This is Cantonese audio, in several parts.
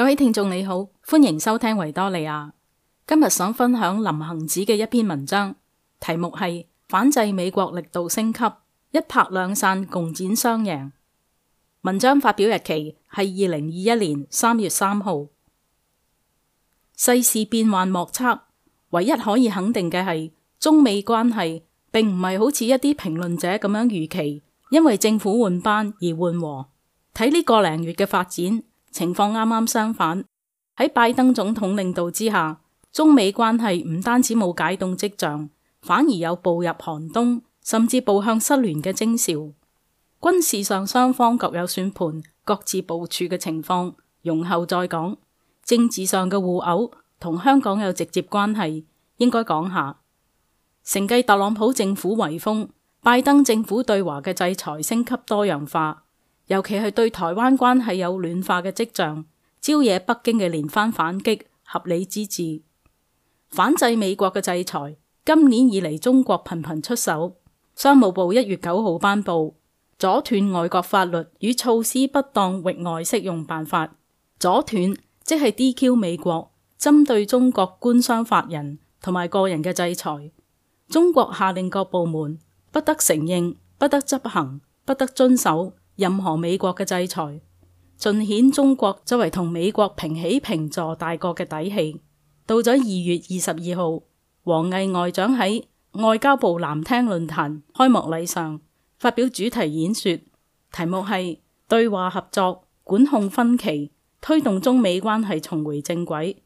各位聽眾你好，歡迎收聽維多利亞。今日想分享林行止嘅一篇文章，題目係反制美國力度升級，一拍兩散共踐雙贏。文章發表日期係二零二一年三月三號。世事變幻莫測，唯一可以肯定嘅係，中美關係並唔係好似一啲評論者咁樣預期，因為政府換班而緩和。睇呢個零月嘅發展。情況啱啱相反，喺拜登總統領導之下，中美關係唔單止冇解凍跡象，反而有步入寒冬，甚至步向失聯嘅徵兆。軍事上雙方各有算盤、各自部署嘅情況，容後再講。政治上嘅互毆同香港有直接關係，應該講下。承繼特朗普政府遺風，拜登政府對華嘅制裁升級多樣化。尤其係對台灣關係有暖化嘅跡象，招惹北京嘅連番反擊，合理之至。反制美國嘅制裁，今年以嚟中國頻頻出手。商務部一月九號頒布，阻斷外國法律與措施不當域外適用辦法，阻斷即係 DQ 美國，針對中國官商法人同埋個人嘅制裁。中國下令各部門不得承認、不得執行、不得遵守。任何美國嘅制裁，盡顯中國作為同美國平起平坐大國嘅底氣。到咗二月二十二號，王毅外長喺外交部藍廳論壇開幕禮上發表主題演說，題目係對話合作、管控分歧、推動中美關係重回正軌，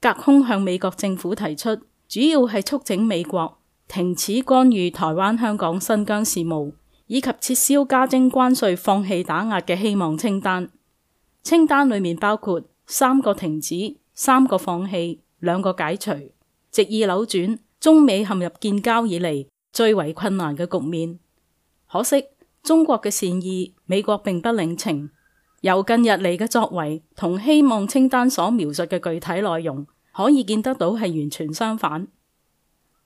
隔空向美國政府提出，主要係促請美國停止干預台灣、香港、新疆事務。以及撤銷加徵關稅、放棄打壓嘅希望清單，清單裏面包括三個停止、三個放棄、兩個解除，直意扭轉中美陷入建交以嚟最為困難嘅局面。可惜中國嘅善意，美國並不領情。由近日嚟嘅作為同希望清單所描述嘅具體內容，可以見得到係完全相反。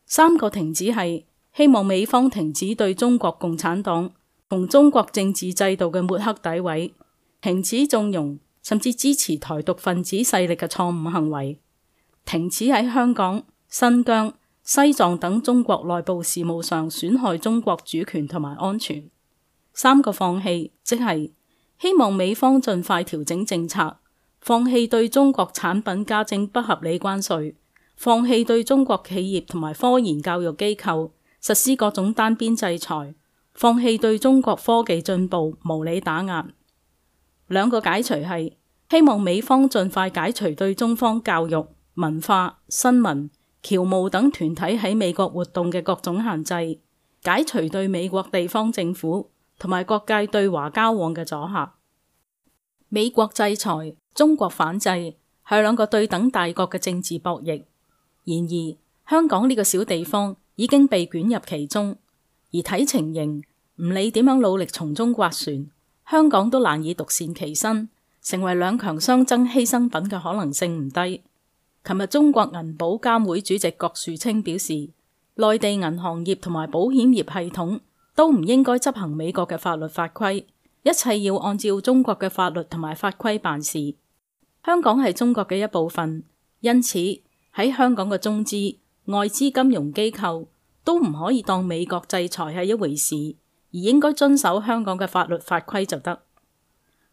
三個停止係。希望美方停止對中國共產黨同中國政治制度嘅抹黑詆毀，停止縱容甚至支持台獨分子勢力嘅錯誤行為，停止喺香港、新疆、西藏等中國內部事務上損害中國主權同埋安全。三個放棄，即係希望美方盡快調整政策，放棄對中國產品加徵不合理關稅，放棄對中國企業同埋科研教育機構。實施各種單邊制裁，放棄對中國科技進步無理打壓。兩個解除係希望美方盡快解除對中方教育、文化、新聞、僑務等團體喺美國活動嘅各種限制，解除對美國地方政府同埋各界對華交往嘅阻吓。美國制裁、中國反制係兩個對等大國嘅政治博弈。然而，香港呢個小地方。已經被捲入其中，而睇情形，唔理點樣努力從中刮船，香港都難以獨善其身，成為兩強相爭犧牲品嘅可能性唔低。琴日，中國銀保監會主席郭樹清表示，內地銀行業同埋保險業系統都唔應該執行美國嘅法律法規，一切要按照中國嘅法律同埋法規辦事。香港係中國嘅一部分，因此喺香港嘅中資。外資金融機構都唔可以當美國制裁係一回事，而應該遵守香港嘅法律法規就得。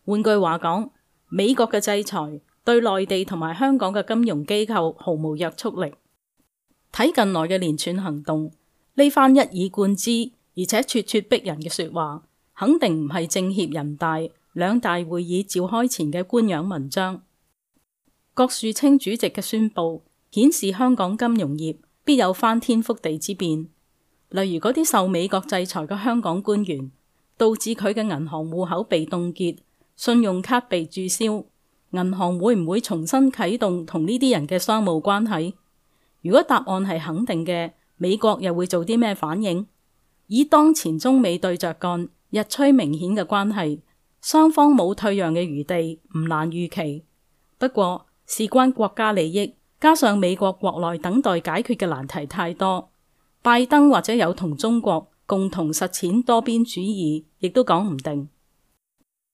換句話講，美國嘅制裁對內地同埋香港嘅金融機構毫無約束力。睇近來嘅連串行動，呢番一以貫之而且咄咄逼人嘅說話，肯定唔係政協、人大、兩大會議召開前嘅官樣文章。郭樹清主席嘅宣布顯示，香港金融業，必有翻天覆地之變，例如嗰啲受美國制裁嘅香港官員，導致佢嘅銀行戶口被凍結、信用卡被註銷，銀行會唔會重新啟動同呢啲人嘅商務關係？如果答案係肯定嘅，美國又會做啲咩反應？以當前中美對着幹、日趨明顯嘅關係，雙方冇退讓嘅餘地，唔難預期。不過事關國家利益，加上美國國內等待解決嘅難題太多，拜登或者有同中國共同實踐多邊主義，亦都講唔定。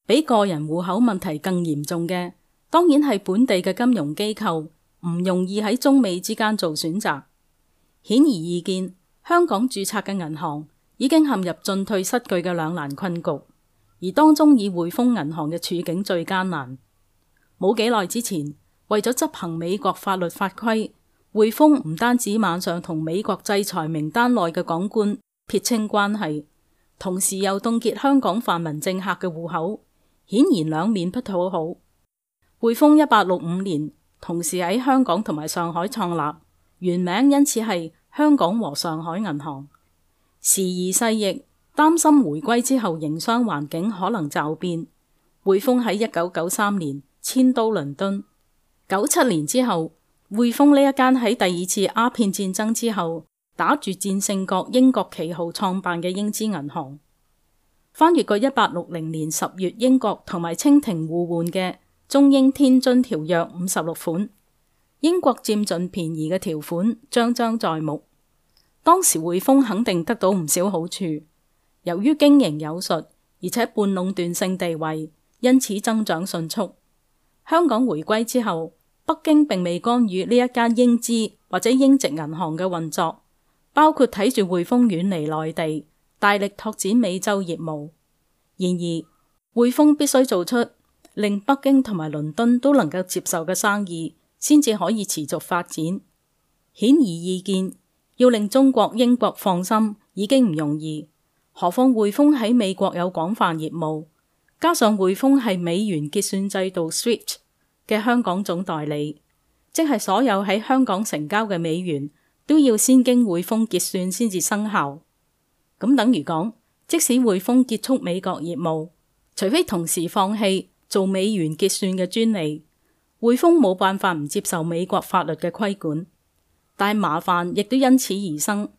比個人戶口問題更嚴重嘅，當然係本地嘅金融機構唔容易喺中美之間做選擇。顯而易見，香港注冊嘅銀行已經陷入進退失據嘅兩難困局，而當中以滙豐銀行嘅處境最艱難。冇幾耐之前。為咗執行美國法律法規，滙豐唔單止晚上同美國制裁名單內嘅港官撇清關係，同時又凍結香港泛民政客嘅戶口，顯然兩面不討好。滙豐一八六五年同時喺香港同埋上海創立，原名因此係香港和上海銀行。時移世易，擔心回歸之後營商環境可能驟變，滙豐喺一九九三年遷都倫敦。九七年之後，滙豐呢一間喺第二次鴉片戰爭之後，打住戰勝國英國旗號創辦嘅英資銀行，翻閱過一八六零年十月英國同埋清廷互換嘅中英天津條約五十六款，英國佔盡便宜嘅條款，樁樁在目。當時滙豐肯定得到唔少好處，由於經營有術，而且半壟斷性地位，因此增長迅速。香港回歸之後。北京並未干預呢一間英資或者英籍銀行嘅運作，包括睇住滙豐遠離內地，大力拓展美洲業務。然而，滙豐必須做出令北京同埋倫敦都能夠接受嘅生意，先至可以持續發展。顯而易見，要令中國、英國放心已經唔容易，何況滙豐喺美國有廣泛業務，加上滙豐係美元結算制度 SWIFT。嘅香港總代理，即係所有喺香港成交嘅美元都要先經滙豐結算先至生效。咁等於講，即使滙豐結束美國業務，除非同時放棄做美元結算嘅專利，滙豐冇辦法唔接受美國法律嘅規管，但麻煩亦都因此而生。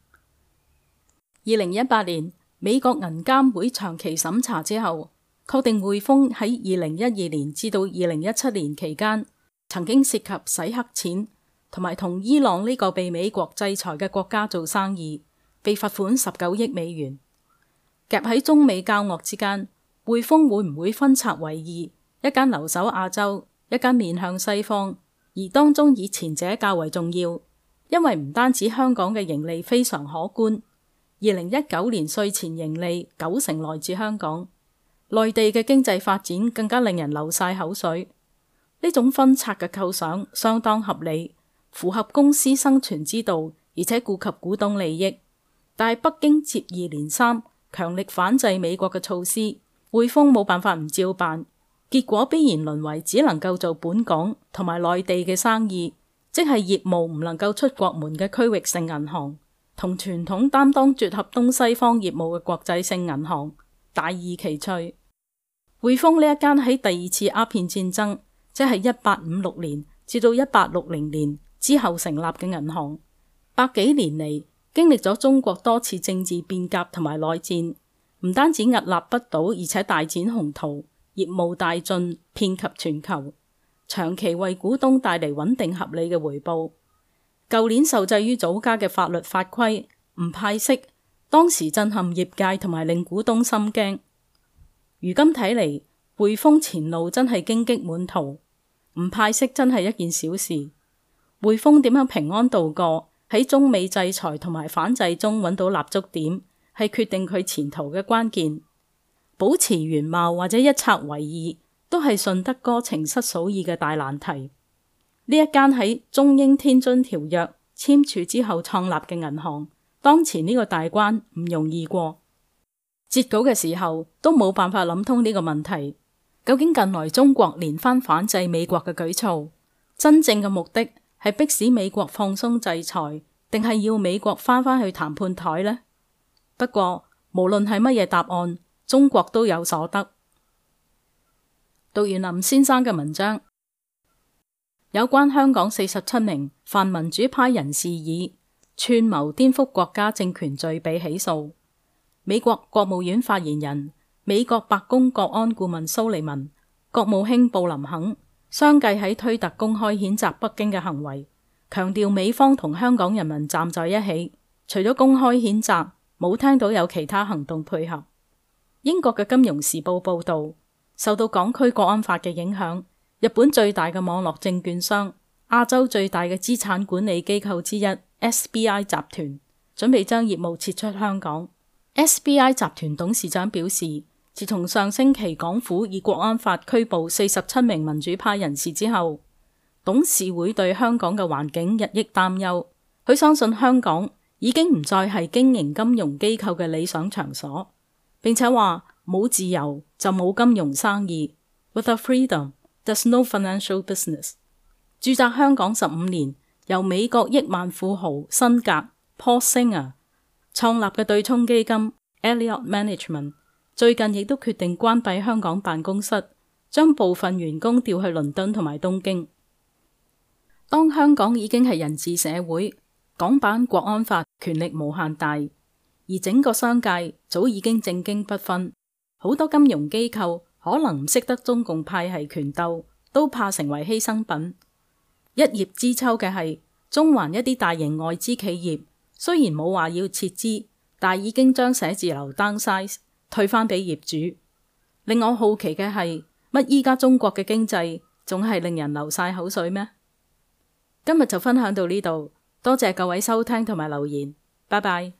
二零一八年美國銀監會長期審查之後，確定滙豐喺二零一二年至到二零一七年期間，曾經涉及洗黑錢，同埋同伊朗呢個被美國制裁嘅國家做生意，被罰款十九億美元。夾喺中美交惡之間，滙豐會唔會分拆為二？一間留守亞洲，一間面向西方，而當中以前者較為重要，因為唔單止香港嘅盈利非常可觀，二零一九年稅前盈利九成來自香港。內地嘅經濟發展更加令人流晒口水，呢種分拆嘅構想相當合理，符合公司生存之道，而且顧及股東利益。但係北京接二連三強力反制美國嘅措施，滙豐冇辦法唔照辦，結果必然淪為只能夠做本港同埋內地嘅生意，即係業務唔能夠出國門嘅區域性銀行，同傳統擔當撮合東西方業務嘅國際性銀行大異其趣。滙豐呢一間喺第二次鴉片戰爭，即係一八五六年至到一八六零年之後成立嘅銀行，百幾年嚟經歷咗中國多次政治變革同埋內戰，唔單止屹立不倒，而且大展宏圖，業務大進，遍及全球，長期為股東帶嚟穩定合理嘅回報。舊年受制於祖家嘅法律法規，唔派息，當時震撼業界同埋令股東心驚。如今睇嚟，滙豐前路真係荊棘滿途，唔派息真係一件小事。滙豐點樣平安度過喺中美制裁同埋反制中，揾到立足點，係決定佢前途嘅關鍵。保持原貌或者一拆為二，都係順得哥情失嫂意嘅大難題。呢一間喺中英天津條約簽署之後創立嘅銀行，當前呢個大關唔容易過。截稿嘅時候都冇辦法諗通呢個問題，究竟近來中國連番反制美國嘅舉措，真正嘅目的係迫使美國放鬆制裁，定係要美國翻返去談判台呢？不過無論係乜嘢答案，中國都有所得。讀完林先生嘅文章，有關香港四十七名泛民主派人士以串謀顛覆國家政權罪被起訴。美國國務院發言人、美國白宮國安顧問蘇利文、國務卿布林肯相繼喺推特公開譴責北京嘅行為，強調美方同香港人民站在一起。除咗公開譴責，冇聽到有其他行動配合。英國嘅金融時報報道，受到港區國安法嘅影響，日本最大嘅網絡證券商、亞洲最大嘅資產管理機構之一 SBI 集團準備將業務撤出香港。SBI 集團董事長表示，自從上星期港府以國安法拘捕四十七名民主派人士之後，董事會對香港嘅環境日益擔憂。佢相信香港已經唔再係經營金融機構嘅理想場所，並且話冇自由就冇金融生意。Without freedom, there's no financial business。駐紮香港十五年，由美國億萬富豪辛格· Paul Singer，創立嘅對沖基金 Elliott Management 最近亦都決定關閉香港辦公室，將部分員工調去倫敦同埋東京。當香港已經係人治社會，港版國安法權力無限大，而整個商界早已經政經不分，好多金融機構可能唔識得中共派系權鬥，都怕成為犧牲品。一葉知秋嘅係中環一啲大型外資企業。雖然冇話要撤資，但已經將寫字樓 downsize，退翻俾業主。令我好奇嘅係乜？依家中國嘅經濟總係令人流晒口水咩？今日就分享到呢度，多謝各位收聽同埋留言，拜拜。